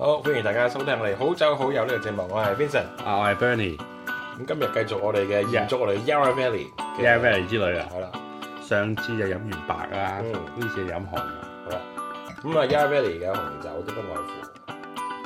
好，歡迎大家收聽我哋好酒好友呢個節目，我係 Vincent，啊我係 Bernie，咁今日繼續我哋嘅延續我哋嘅 y、yeah, Yarra Valley Yarra Valley 之旅啊，係啦，上次就飲完白啦，呢、嗯、次飲紅，嗯、好啦，咁、嗯、啊 Yarra Valley 嘅紅酒都不外乎，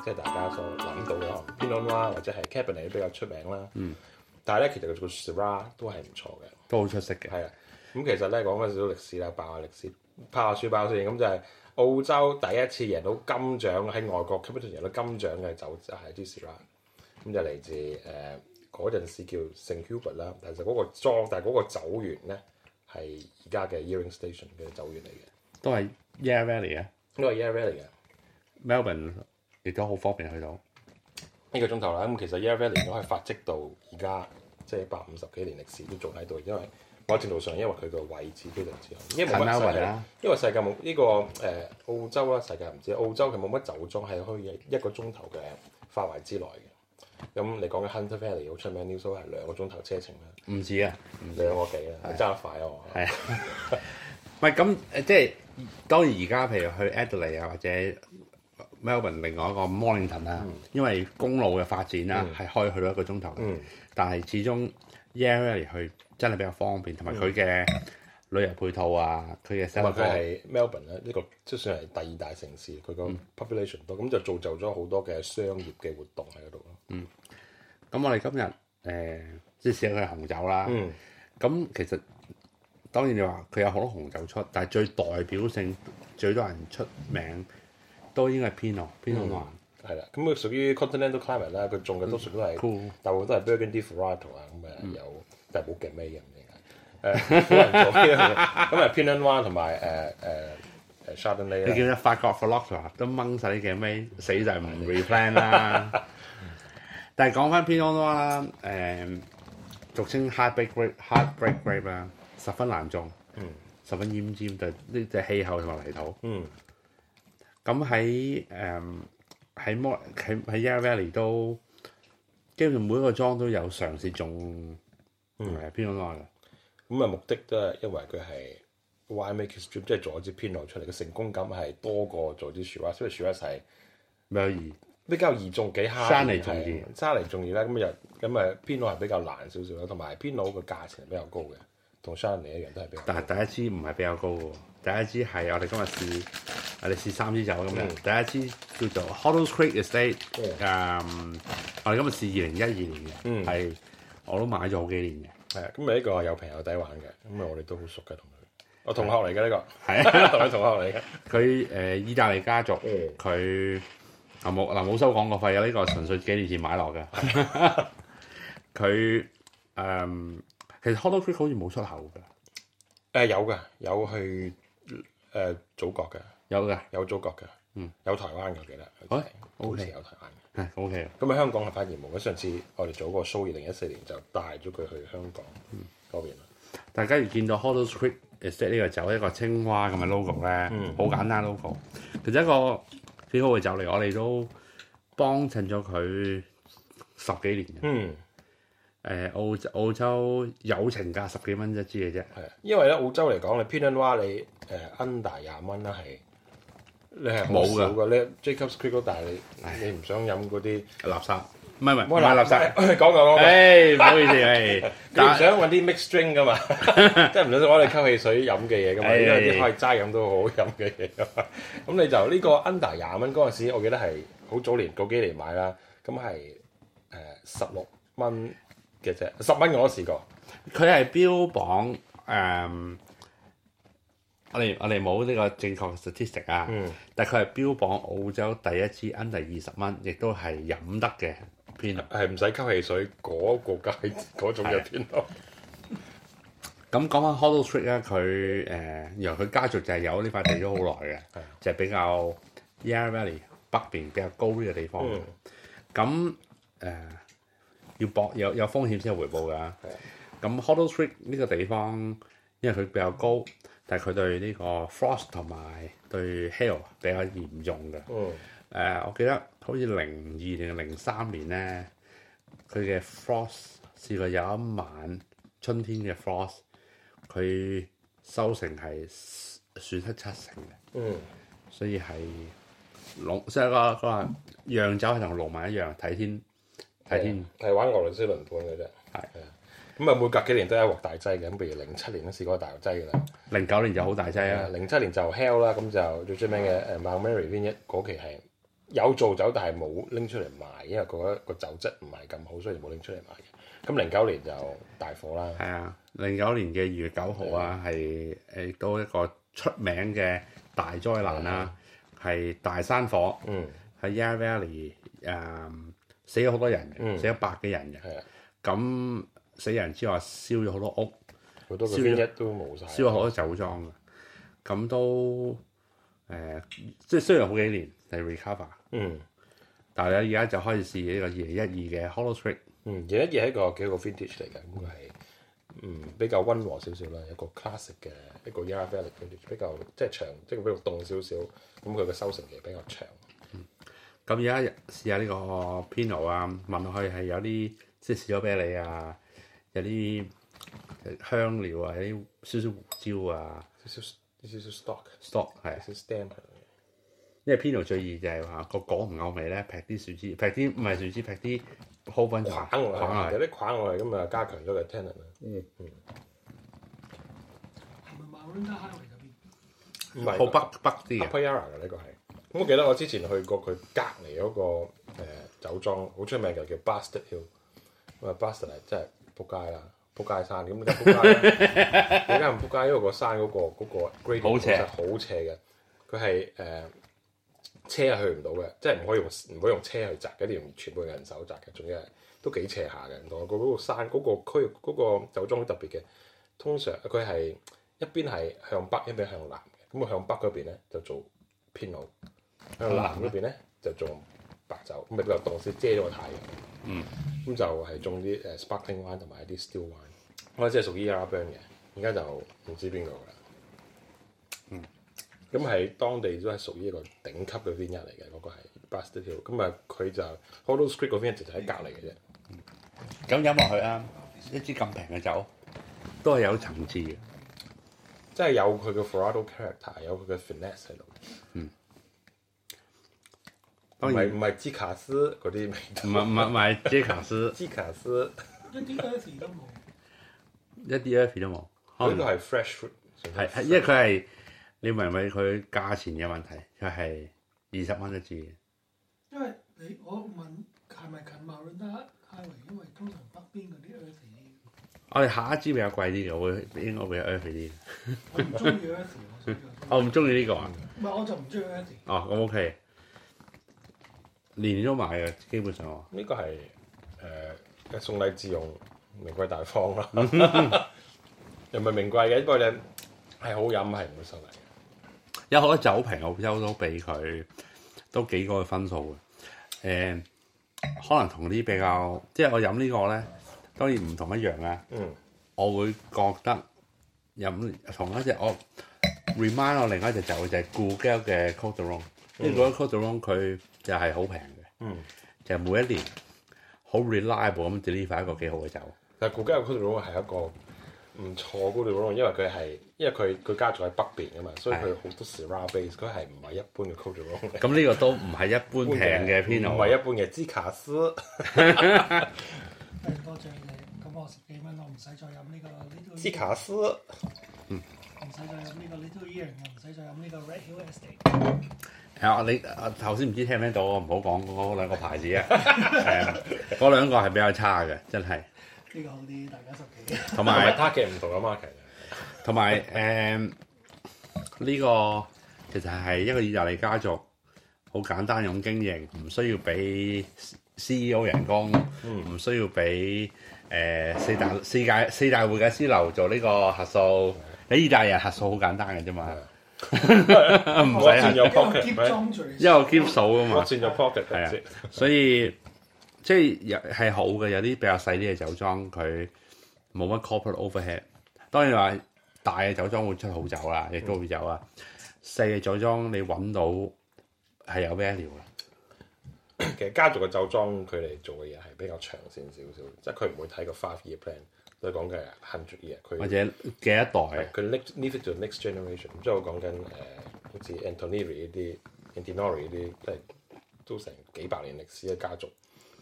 即、就、係、是、大家所諗到嘅 Pinot Noir 或者係 Cabernet 比較出名啦，嗯，但係咧其實佢個 Shiraz 都係唔錯嘅，都好出色嘅，係啊，咁、嗯、其實咧講翻少少歷史啦，爆下歷史，拍下書包先，咁就係、是。澳洲第一次贏到金獎喺外國 competition 贏到金獎嘅酒就係 d i 咁就嚟自誒嗰陣時叫聖 Hubert 啦，但係就嗰個莊，但係嗰個酒員咧係而家嘅 Yering Station 嘅酒員嚟嘅，都係 Yarra Valley 嘅，都係 Yarra Valley 嘅 Melbourne 亦都好方便去到一個鐘頭啦。咁、嗯、其實 Yarra Valley 都係發跡到而家即係一百五十幾年歷史都仲喺度，因為。我某程度上，因為佢個位置非常之好。因為世界冇呢、這個誒、呃、澳洲啦，世界唔知澳洲佢冇乜酒莊係可以一個鐘頭嘅範圍之內嘅。咁、嗯、你講嘅 Hunter Valley 好出名，New South 係兩個鐘頭車程啦。唔止啊，兩個幾啊，揸得快哦。係。唔係咁誒，即係當然而家譬如去 Adelaide 啊，或者 Melbourne 另外一個 Mornington 啦、嗯，因為公路嘅發展啦，係、嗯、開去到一個鐘頭嗯。但係始終 Yarra 去。真係比較方便，同埋佢嘅旅遊配套啊，佢、嗯、嘅。或者佢係 Melbourne 咧、這個，呢個即算係第二大城市，佢、嗯、個 population 多，咁就造就咗好多嘅商業嘅活動喺嗰度咯。嗯。咁我哋今日誒即係試下佢紅酒啦。嗯。咁其實當然你話佢有好多紅酒出，但係最代表性、最多人出名都應該係 Pinot，Pinot Noir、嗯、係啦。咁佢屬於 Continental Climate 咧，佢種嘅多數都係大部分都係 Burgundy variety 啊，咁、嗯、誒有。但的呃、 就係冇勁咩人咁樣，誒，咁啊，Pinon e 同埋誒誒誒 Shardley，你見啊，啊啊你法國 f a l o t r 都掹晒啲嘅咩，死就係唔 r e f l a n 啦。 但係講翻 Pinon 灣啦，誒，俗稱 Heartbreak Grape，Heartbreak Grape 啦，十分難種，嗯，十分奄尖，就呢隻氣候同埋泥土，嗯。咁喺誒喺摩喺喺 y o l e m 都，基本上每個莊都有嘗試種。嗯，係 Pinot 嘅，咁啊、嗯、目的都係，因為佢係 Y Make Dream，即係做一支 Pinot 出嚟，嘅成功感係多過做啲 Shiraz，所以 Shiraz 比咩易？ 比較易中幾 high, Shani，仲幾慳。山嚟重要，山嚟重要啦。咁又，咁啊 Pinot 係比較難少少啦，同埋 Pinot 個價錢係比較高嘅，同 Shiraz 一樣都係。但係第一支唔係比較高嘅，第一支係我哋今日試，我哋試三支酒咁樣，第一支叫做 Hoddles Creek Estate，啊、嗯，um，我哋今日試二零一二年嘅，係、嗯。我都買咗好幾年嘅，係啊，咁咪呢個有朋友仔玩嘅。咁啊，我哋都好熟嘅同佢，我、哦、同學嚟嘅呢個，係啊，同 佢同學嚟嘅。佢誒、呃、意大利家族，佢啊冇嗱冇收廣告費啊。呢、呢個純粹幾年前買落嘅。佢 誒、呃、其實 Hoddles Creek 好似冇出口㗎。誒、呃、有嘅有去誒、呃、祖國嘅有嘅有祖國嘅。嗯，有台灣嘅我記得，好 O K，有台灣嘅，O K，咁啊香港係發現冇，咁上次我哋做個 show 二零一四年就帶咗佢去香港嗰邊啦。但係假如見到 Hoddles Creek Estate 呢個酒一、這個這個這個青蛙咁嘅 logo 咧，好、嗯、簡單 logo、嗯、其實一個幾好嘅酒嚟，我哋都幫襯咗佢十幾年嗯，誒澳澳洲友情價十幾蚊一支嘅啫，係因為咧澳洲嚟講，你 Pinot Noir 你誒、呃、under 廿蚊啦，係。你係冇嘅，你 Jacob's Creek，但係你你唔想飲嗰啲垃圾，唔係唔係垃圾，講講講，誒唔好意思誒，佢唔想揾啲 mixed drink 噶嘛，即係唔想我哋溝汽水飲嘅嘢噶嘛，因為啲可以齋飲都好飲嘅嘢，咁你就呢個 under 廿蚊嗰陣時，我記得係好早年嗰幾年買啦，咁係誒十六蚊嘅啫，十蚊我都試過，佢係標榜誒。我哋我哋冇呢個正確嘅 statistic 啊，嗯、但係佢係標榜澳洲第一支 under 二十蚊，亦都係飲得嘅偏辣，係唔使吸汽水嗰、那個界嗰 種嘅偏辣。咁講翻 Hoddles Creek 咧，佢原由佢家族就係有呢塊地咗好耐嘅，就係、是、比較 Yarra Valley 北邊比較高呢個地方。咁、嗯、誒、呃、要博有有風險先有回報㗎。咁 Hoddles Creek 呢個地方因為佢比較高。但係佢對呢個 frost 同埋對 hail 比較嚴重嘅、嗯呃。我記得好似零二定零三年咧，佢嘅 frost 試過有一晚春天嘅 frost，佢收成係損失七成嘅。嗯，所以係農即係個個釀酒係同農民一樣睇天睇天。係玩俄羅斯輪盤嘅啫。係。咁啊，每隔幾年都有一鑊大劑嘅，咁譬如零七年都試過大鑊劑嘅啦，零、嗯、九年就好大劑啊，零七、啊、年就 Hell 啦，咁就最出名嘅誒 Mount Mary Vine 嗰期係有做酒，但係冇拎出嚟賣，因為覺、那、得、個那個酒質唔係咁好，所以冇拎出嚟賣嘅。咁零九年就大火啦，係啊，零九年嘅二月九號啊，係誒都一個出名嘅大災難啦、啊，係、嗯、大山火，嗯，係 Yarra Valley 誒、啊、死咗好多人，嗯、死咗百幾人嘅，係啊，咁。死人之外，燒咗好多屋，燒一都冇曬，燒咗好多酒莊嘅，咁、嗯、都誒、呃，即係雖然好幾年嚟 recover，嗯，但係咧而家就開始試呢個二零一二嘅 Hollow Street，嗯，二零一二係一個幾個 vintage 嚟嘅，咁係嗯，嗯比較溫和少少啦，一個 classic 嘅一個 Yarra Valley vintage，比較即係長，即係比較凍少少，咁佢嘅收成期比較長，嗯，咁而家試下呢個 Pinot 啊，聞落去係有啲即係士多啤梨啊。有啲香料啊，有啲少少胡椒啊，少少少少 stock，stock 係，少啲釘佢。因為 Pinot 最易就係話個果唔夠味咧，劈啲樹枝，劈啲唔係樹枝，劈啲 whole bunch 框有啲框㗎喎，咁啊加強咗個 tannin 啊。嗯嗯。a n z a 唔係，好北北啲嘅。Upper Yarra 嘅呢個係。咁我記得我之前去過佢隔離嗰個、呃、酒莊，好出名嘅叫 Bastard Hill。咁啊，Bastard 真係～Bastard，就是扑街啦，扑街山咁就扑街。點解唔扑街，因為個山嗰、那個嗰、那個 gradient 其實好、就是、斜嘅，佢係誒車係去唔到嘅，即係唔可以用唔可以用車去摘嘅，要全部用人手摘。嘅。仲要係都幾斜下嘅。同埋個嗰個山嗰個區嗰、那個酒莊好特別嘅，通常佢係一邊係向北，一邊向南嘅。咁向北嗰邊咧就做 Pinot，向南嗰邊咧、嗯、就做。白酒咁咪比較多，先遮咗個太陽。嗯，咁就係、是、種啲誒、呃、sparkling wine 同埋一啲 still wine。我即係屬於 Yarra Burn 嘅，而家就唔知邊個啦。嗯，咁喺當地都係屬於一個頂級嘅 winery 嚟嘅，嗰個係 Bastille。咁啊，佢就 Hoddles Creek 個 Vintage 就喺隔離嘅啫。嗯，咁飲落去啊，一支咁平嘅酒，都係有層次嘅，即係有佢嘅 Fruity character，有佢嘅 finesse 喺度。嗯。唔係唔係傑卡斯嗰啲味，唔係唔係唔係傑卡斯，傑卡斯一啲 earthy 都冇，一啲 earthy 都冇，呢 個係 fresh fruit 係因為佢係你明唔明佢價錢嘅問題，佢係二十蚊一支嘅，因為你我問是是近咪近茂都得，因為通常北邊嗰啲 earthy，我哋下一支比較貴啲嘅，會應該比較 earthy 啲， 我唔中意 earthy，我唔中意呢個啊，唔係我就唔中意 earthy，哦咁 OK。 年年都買啊，基本上啊。呢個係誒送禮自用，名貴大方啦。 又唔係名貴嘅，呢個咧係好飲，係好收禮的。有好多酒瓶，我收咗俾佢，都幾個分數嘅。誒、嗯，可能同啲比較，即係我飲呢個咧，當然唔同一樣啊。嗯。我會覺得飲同一隻我 remind 我另外一隻酒就係 Gucci 嘅 Cotillon，因為嗰個 Cotillon 佢。就係好平嘅，嗯，就係、每一年好 reliable 咁，deliver 一個幾好嘅酒。但係古吉亞古杜魯姆係一個唔錯古杜魯姆，因為佢係因為佢佢加喺北邊啊嘛，所以佢好多時 raw base，佢係唔係一般嘅古杜魯姆。咁、嗯、呢、嗯、個都唔係一般平嘅，唔、嗯、係一般嘅 Shiraz，。 多謝你。咁我十幾蚊，我唔使再飲呢個呢個。Shiraz、嗯，唔使再飲呢個 little year，我唔使再飲呢個 red hill estate。 嗯係啊！你頭先唔知聽唔聽到，我唔好講嗰兩個牌子 啊！嗰兩個係比較差嘅，真係呢、呢個好啲，大家熟記嘅。同埋，同 埋，同、啊、埋，誒、這、呢個其實係一個意大利家族，好簡單咁經營，唔需要俾 C E O 人工，唔需要俾、啊、四大、四界、四大會計師樓做呢個核數。你 意大利人核數好簡單嘅啫嘛。啊 唔 係 啊，因為 keep 數啊嘛，p o 係啊，所以即係係好嘅，有啲比較細啲嘅酒莊佢冇乜 corporate overhead。當然話大嘅酒莊會出好酒啦，亦都會有啊。細、嗯、嘅酒莊你搵到係有 value 嘅。其實家族嘅酒莊佢哋做嘅嘢係比較長線少少，即係佢唔會睇個 five year plan。都係講嘅啊，幸出嚟佢或者幾一代啊？佢拎呢啲叫 next generation，即係我講緊誒，好似 Antinori 呢啲，Antinori 呢啲即係都成幾百年歷史嘅家族，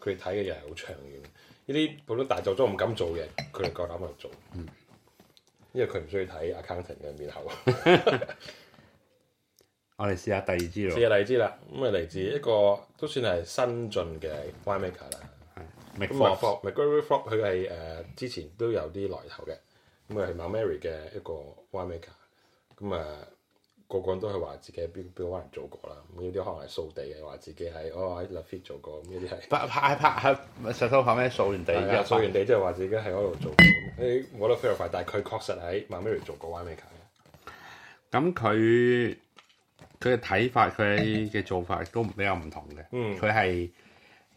佢哋睇嘅嘢係好長遠。呢啲普通大作都唔敢做嘅，佢哋夠膽去做。嗯。因為佢唔需要睇 accountant 嘅面口。 我哋試下第二支咯。試下第二支啦，咁啊嚟自一個都算係新進嘅 winemaker 啦。咁佛佛 Mac Forbes 佢係誒之前都有啲來頭嘅，咁佢係 Mount Mary 嘅一個 Wine Maker 咁啊個個都係話自己喺邊邊個人做過啦，咁呢啲可能係掃地嘅話，自己喺哦 Luffy 做過，咁呢啲係拍拍係拍實收拍咩掃完地，掃完地即係話自己喺嗰度做。誒、欸，我覺得非常快，但佢確實係 Mount Mary 做過 Wine Maker 咁佢佢嘅睇法，佢嘅做法都比較唔同嘅。嗯，佢、嗯、係。嗯嗯嗯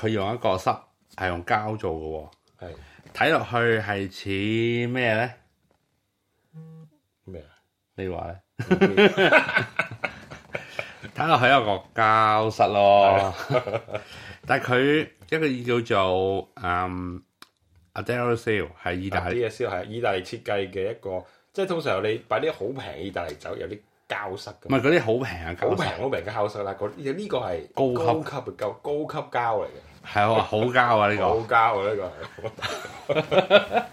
佢用一個塞，係用膠做嘅喎。係睇落去係似咩咧？咩啊？你話咧？睇落去有一個膠塞咯。但係佢一個叫做嗯 Adelio Seal 係意，Adelio Seal 係意大利設計嘅一個，即係通常你擺啲好平意大利酒有啲膠塞。唔係嗰啲好平啊，好平好平嘅膠塞啦。嗰有呢個係高級嘅膠，高級膠嚟嘅。係啊，好膠啊！呢、呢個好膠啊！呢、呢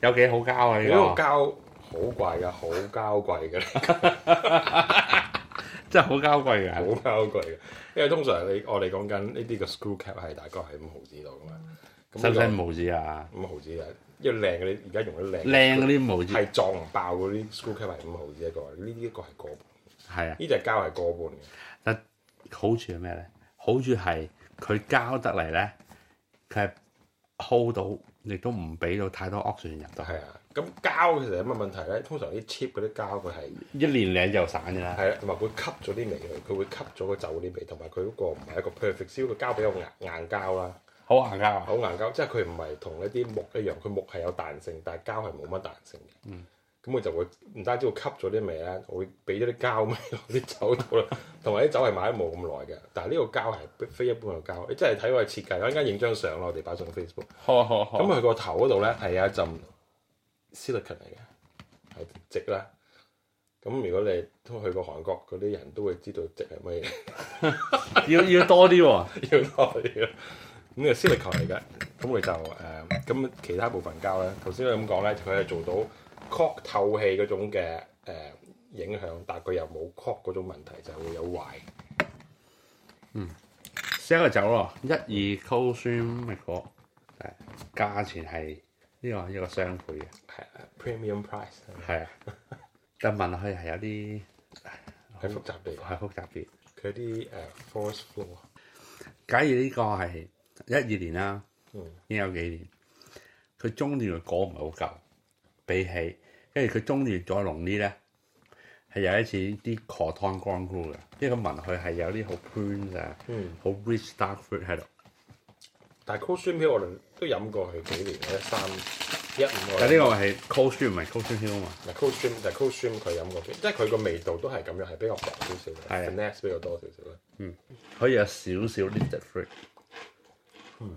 個 有幾好膠啊！呢、呢個膠好貴噶，好膠貴噶， 真係好膠貴噶，好膠貴噶。因為通常你我哋講緊呢啲個 screw cap 係大概係五毫子度，咁使唔使五毫子啊？五毫子啊！因為靚嗰啲而家用得靚靚嗰啲毫子，係撞爆嗰啲 screw cap 係五毫子一、呢個，呢啲一個係個半。係啊！呢、呢、隻、個、膠係個半嘅。但好，好處係咩咧？好處係。佢膠得嚟咧，佢係 hold 到，亦都唔俾到太多 oxygen 入到。係啊，咁膠其實有乜問題咧？通常啲 cheap 嗰啲膠是，佢係一年兩就散嘅啦。係啊，同埋會吸咗啲味，佢會吸咗個酒啲味，同埋佢嗰個唔係一個 perfect seal，佢膠比較硬，硬膠啦。好、啊、硬膠啊！好硬膠，即係佢唔係同一啲木一樣，佢木係有彈性，但係膠係冇乜彈性嘅。嗯。咁佢就會唔單止會吸咗啲味咧，會俾咗啲膠味落啲酒度啦。同埋啲酒係買得冇咁耐嘅，但係呢個膠係非一般嘅膠。你真係睇我設計，我陣間影張相落嚟擺上 Facebook 上。好啊，好，咁佢個頭嗰度咧係有一陣 silicon 嚟嘅，係直啦。咁如果你都去過韓國嗰啲人都會知道直係乜嘢。 要要多啲喎，要多、啊，、要多。咁嘅 silicon 嚟嘅，咁佢就誒咁、呃、其他部分膠咧，頭先咁講咧，佢係做到。Cock 透氣嗰種嘅影響，但係佢又冇 Cock 嗰種問題，就會有壞。嗯，先係走咯，一二高酸乜果誒？價錢係呢個呢個雙倍嘅，係 premium price，係啊，但問落去係有啲係複雜啲，係複雜啲。佢啲 force flow，假如呢個係一二年啦，嗯，已經有幾年，佢中段嘅果唔係好夠。比起，跟住佢中意咗濃啲咧，係有一次啲 c o 礦湯乾枯嘅，因為佢聞佢係有啲好 green 嘅，好 rich dark fruit 喺度。但係 Coldstream 我哋都飲過佢幾年，一三一五。啊，呢個係 Coldstream 唔係 Coldstream 啊嘛？咪 Coldstream 但係 Coldstream 佢飲過，即係佢個味道都係咁樣，係比較濃少少嘅 vanilla 比較多少少咧。嗯，可以有少少 lifted fruit。嗯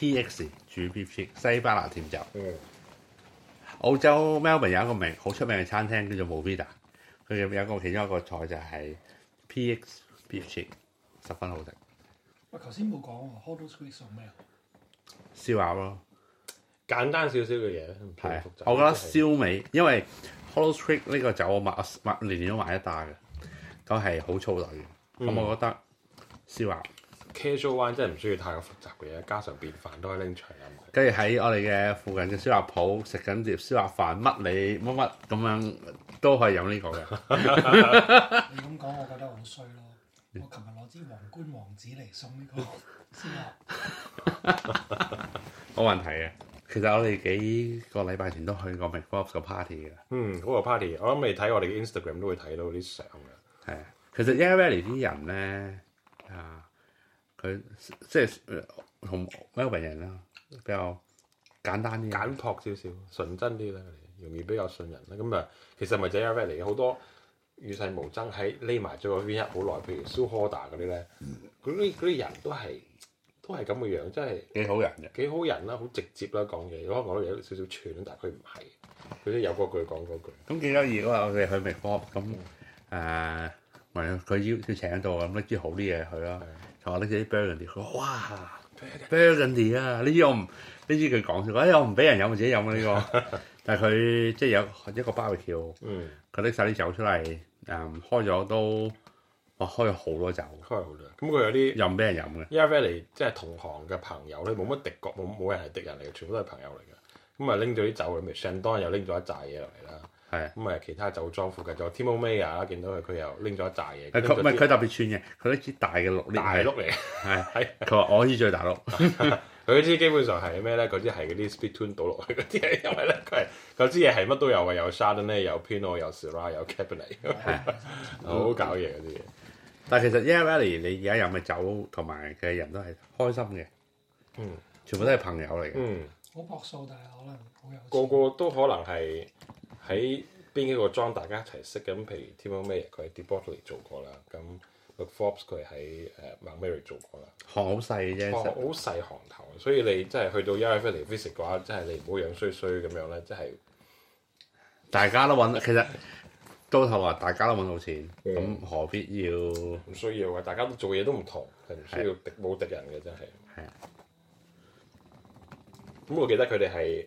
P.X. 煮 Beef Cheek，西班牙甜酒、嗯。澳洲 Melbourne 有一個名好出名嘅餐廳叫做 MoVida，佢有個其中一個菜就係 P.X. Beef Cheek，十分好食。我頭先冇講，Hoddles Creek 做咩啊？燒鴨咯，簡單少少嘅嘢咧。我覺得燒味，因為 Hoddles Creek 呢個酒我買，我買年年都買一打嘅，咁係好粗魯嘅，咁、嗯、我覺得燒鴨。Casual wine 真係唔需要太過複雜嘅嘢，家常便飯可飯都可以拎出嚟飲。跟住喺我哋嘅附近嘅燒臘鋪食緊碟燒臘飯，乜你乜乜咁樣都可以飲呢個嘅。你咁講，我覺得好衰咯。 我琴日攞支皇冠王子嚟送呢個。冇 問題嘅。其實我哋幾個禮拜前都去過 Mac Forbes 個 party 嘅。嗯，嗰個 party 我都未睇，我哋嘅 Instagram 都會睇到啲相嘅。係 啊，其實 Yarra Valley 啲人咧啊～佢即係同咩型人啦，比較簡單啲，簡樸少少，純真啲啦，容易比較信人啦。咁啊，其實咪就係 Vinnie 嚟嘅，好多與世無爭，喺匿埋咗個 Vinnie 一好耐。譬如 Superstar 嗰啲咧，佢啲啲人都係都係咁嘅樣，真係幾好人嘅，幾好人啦，好直接啦講嘢。可能講嘢有少少串，但佢唔係，佢都有嗰句講嗰句。咁幾得意啊！我哋去 Vinnie 佢邀佢請到咁、嗯、知好啲嘢去啦。就話拎曬啲 Burgundy，佢話哇，Burgundy 啊，呢啲我唔，呢啲佢講，佢話、哎、我唔俾人飲，自己飲呢、這個。但係佢即係有一個包條，佢拎晒啲酒出嚟，誒開咗都，哇開咗好多酒，開咗好多。咁佢有啲又唔俾人飲嘅，一班嚟即係同行嘅朋友，你冇乜敵國，冇冇人係敵人嚟嘅，全部都係朋友嚟嘅。咁啊拎咗啲酒，咁麥當又拎咗一紮嘢落嚟啦。係、啊，咁誒其他酒莊附近就 Timo Mayer 見到佢，佢又拎咗一紮嘢。佢唔係佢特別串嘅，佢一支大嘅六大碌嚟，嘅、啊。係佢話我依最大碌 。佢支基本上係咩咧？嗰啲係嗰啲 spittoon 倒落去嗰啲，因為咧佢係嗰啲嘢係乜都有嘅，有 Chardonnay 有咧、啊，有 Pinot，有 Syrah，有 Cabernet 好搞嘢嗰啲嘢。但係其實 everybody 你而家飲嘅酒同埋嘅人都係開心嘅，嗯，全部都係朋友嚟嘅，嗯，好朴素，但係可能個個都可能係。喺邊一個莊大家一齊識嘅咁？譬如 Timo Mayer 佢喺 De Bortoli 做過啦。咁 Mac Forbes 佢係喺誒 Mary 做過啦。行好細啫，行好細行頭。所以你真係去到 Yarra Valley visit 嘅話，真係你唔好樣衰衰咁樣咧。真係大家都揾，其實到頭來大家都揾到錢，咁、嗯、何必要？唔需要啊！大家都做嘢都唔同，係唔需要敵冇敵人嘅真係。係啊。咁我記得佢哋係。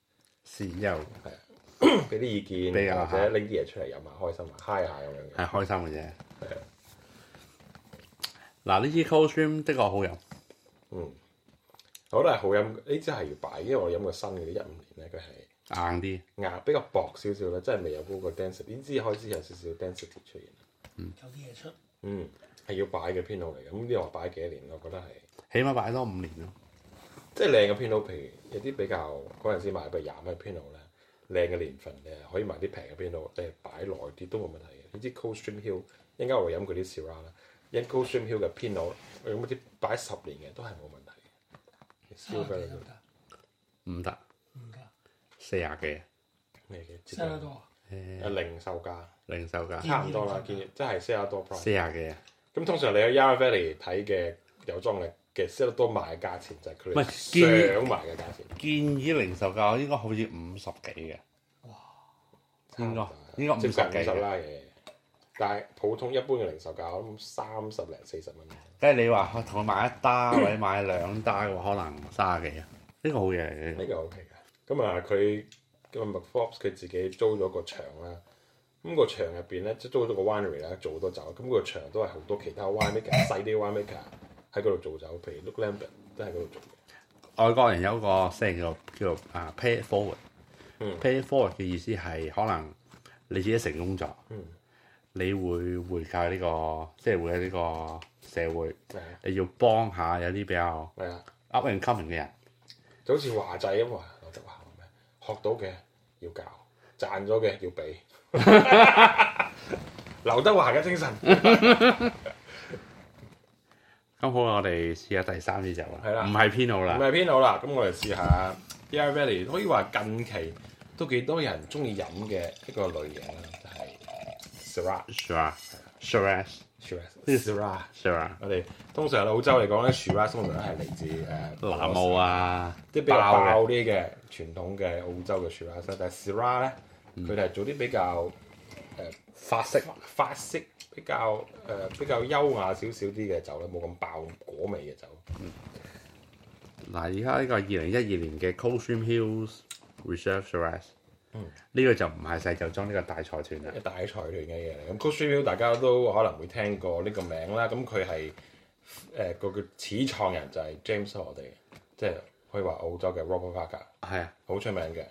豉油，係啊，俾啲意見你，或者拎啲嘢出嚟飲下， 開下、啊，開心下 high 下咁樣嘅。係 開心嘅啫，係啊。嗱，呢支 Coldstream 的確好飲。嗯。我都係好飲，呢支係要擺，因為我飲過新嘅，一五年咧，佢係硬啲，硬牙比較薄少少咧，真係未有嗰個 density，點知開始有少少 density 出現。有啲嘢出。嗯，係要擺嘅偏路嚟嘅，咁、這、呢個擺幾多年我覺得係。起碼擺多五年咯。即係靚嘅 Pinot，譬如有啲比較嗰陣時買譬如廿蚊 Pinot 咧，靚嘅年份你可以買啲平嘅 Pinot。你係擺耐啲都冇問題嘅。你知 Coldstream Hills 應該我飲佢啲 Shiraz 啦因 Coldstream Hills 嘅 Pinot 用嗰啲擺十年嘅都係冇問題。唔得，唔得，四廿幾啊？咩嘅得多啊？啊，零售價，零售價,零售價差唔多啦，建議即係四廿多 price。四廿幾啊？咁通常你喺 Yarra Valley 睇嘅有裝力。其實 sell 多賣嘅價錢就係佢，唔係上賣嘅價錢建，建議零售價我應該好似五十幾嘅，應該應該五十幾啦。嘅但係普通一般嘅零售價，我諗三十零四十蚊。嘅。咁你話同佢買一打 或者買兩打嘅話，可能卅幾啊？呢、這個好嘅，呢、這個這個 OK 嘅。咁啊，佢 Mac Forbes 佢自己租咗個場啦，咁、那個場入邊咧即租咗個 winery 啦，做好多酒。咁個場都係好多其他 winemaker 細啲 winemaker。 喺嗰度做酒，譬如 Luke Lambert 都喺嗰度做嘅。外國人有一個詞叫叫做啊 pay forward，pay forward 嘅、嗯、意思係可能你自己成功咗，嗯，你會回饋呢、呢個，即係回饋呢個社會，你要幫下有啲比較係啊 up and coming 嘅人，就好似華仔咁啊，劉德華學到嘅要教，賺咗嘅要俾，劉 德華嘅精神。 咁好啦，我哋試下第三支酒啦。係啦，唔係 Pinot 啦，唔係 Pinot 啦。咁我哋試下 Yarra Valley 可以話近期都幾多人中意飲嘅一個類型啦，就係、係、Shiraz。Shiraz，Shiraz，Shiraz，Shiraz 我哋通常澳洲嚟講咧，Shiraz 通常都係嚟自誒、uh, 南澳啊，即係比較爆啲嘅傳統嘅澳洲嘅 Shiraz，但係 Shiraz 咧，佢哋係做啲比較誒法式、uh, 比較誒、呃、比較優雅少少啲嘅酒咧，冇咁爆果味嘅酒。嗱、嗯，而家呢個二零一二年嘅 Coldstream Hills Reserve Shiraz，呢、嗯，這個就唔係細酒莊，呢個大財團啦。這是一個大財團嘅嘢嚟，咁 Coldstream Hills 大家都可能會聽過呢個名啦。咁佢係誒個叫始創人就係 James，我哋即係可以話澳洲嘅 Robert Parker，係啊，好出名嘅。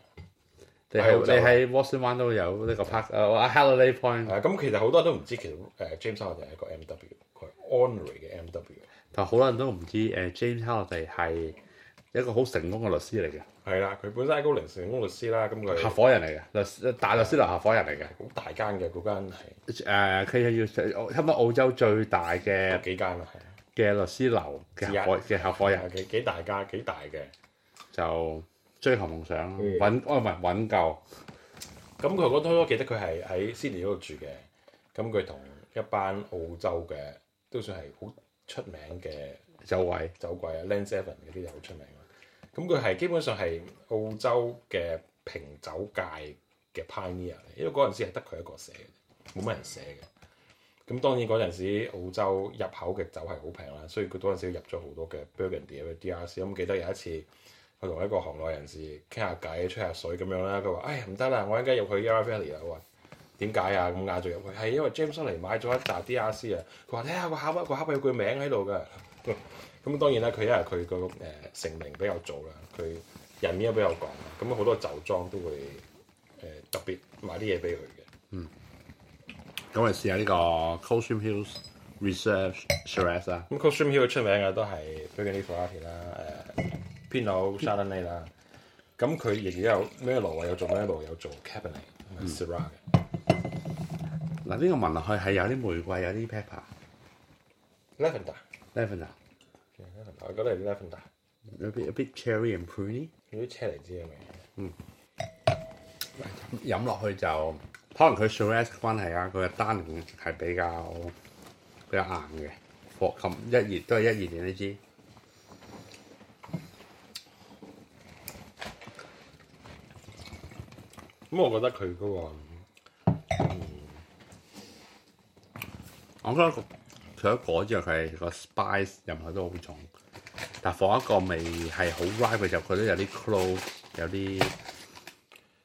你係你係 o n 灣都有呢個 p a r k 啊，阿、uh, Halliday Point。咁其實好多人都唔知，其實 James Halliday 就係一個 M W，佢 Honorary 嘅 M W。但好多人都唔知道，誒、呃、James Halliday 就係係一個好、呃、成功嘅律師嚟嘅。係啦，佢本身喺高靈成功律師啦，咁佢合夥人嚟嘅，律大律師樓合伙人嚟嘅，好、啊、大間嘅嗰間。誒、啊，佢係要澳，係咪澳洲最大嘅？幾間啊？係。嘅律師樓嘅合夥嘅合夥人，幾幾大間幾大嘅就。追求夢想，揾哦唔係揾夠。咁佢嗰多記得佢係喺 Sydney 嗰度住嘅。咁佢同一班澳洲嘅都算係好出名嘅酒鬼，酒鬼啊，Land Seven 嗰啲就好出名。咁佢係基本上係澳洲嘅平酒界嘅 pioneer，嚟，因為嗰陣時係得佢一個寫嘅，冇乜人寫嘅。咁當然嗰陣時澳洲入口嘅酒係好平啦，所以佢嗰陣時入咗好多嘅 Burgundy 啲嘅 DRC。咁記得有一次。去同一個行內人士傾下偈、吹下水咁樣啦。佢話，哎，唔得啦，我依家入去 Yarra Valley 啦。我話：點解啊？咁嗌咗入？去？係因為 James 新嚟買咗一沓 DRC 啊。佢、哎、話，睇下個盒，盒，盒，盒一個盒有個名喺度嘅。咁、嗯、當然啦，佢因為佢個誒成名比較早啦，佢人面又比較廣，咁好多酒莊都會誒特別買啲嘢俾佢嘅。嗯。咁、呃嗯、我試下呢個 Coldstream Hills Reserve、啊、Shiraz 咁 Coldstream Hills 出名嘅都係 Burgundy 啦，誒。偏到 charlene 啦，咁佢亦都有咩路？有做咩路？有做 cabin，sirah、嗯、嗱呢、這個聞落去係有啲玫瑰，有啲 pepper，lavender，lavender，我覺得係 lavender，有啲 cherry and pruny，有啲 r 釐子嘅味。嗯，飲落去就、嗯、去就可能佢 s u r p h i s e 關係啊，佢嘅單元係比較比較硬嘅，薄琴，一頁都係一二年呢支。咁我覺得佢嗰、那個、嗯，我覺得除咗果之外，佢個 spice 任何都好重。但放一個味係好 ripe 嘅時候，佢都有啲 clove，有啲。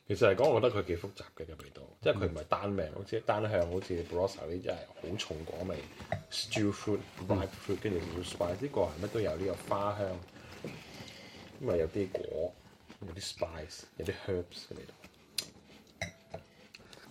其實嚟講，我覺得佢幾複雜嘅個味道，嗯、即係佢唔係單味，好似單向，好似 Barossa 呢啲係好重果味，stewed fruit、ripe fruit 跟住有 spice，啲果係乜都有，呢個花香，咁啊有啲果，有啲 spice，有啲 herbs 嘅味道。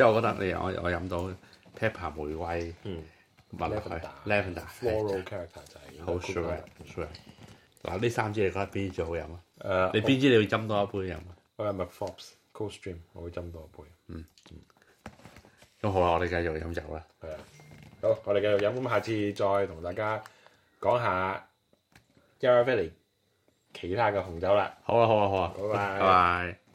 即係我覺得，你，我我飲到 pepper 玫瑰，嗯，聞落去 lavender，floral character 就係好 sweet。嗱，呢三支你覺得邊支最好飲啊？誒、uh，你邊支你要斟多一杯飲啊？Mac Forbes Coldstream，我會斟多一杯。嗯，咁、嗯、好啦，我哋繼續飲酒啦。係啊，好，我哋繼續飲。咁下次再同大家講下，Yarra Valley 其他嘅紅酒啦。好啊，好啊，好啊。拜拜。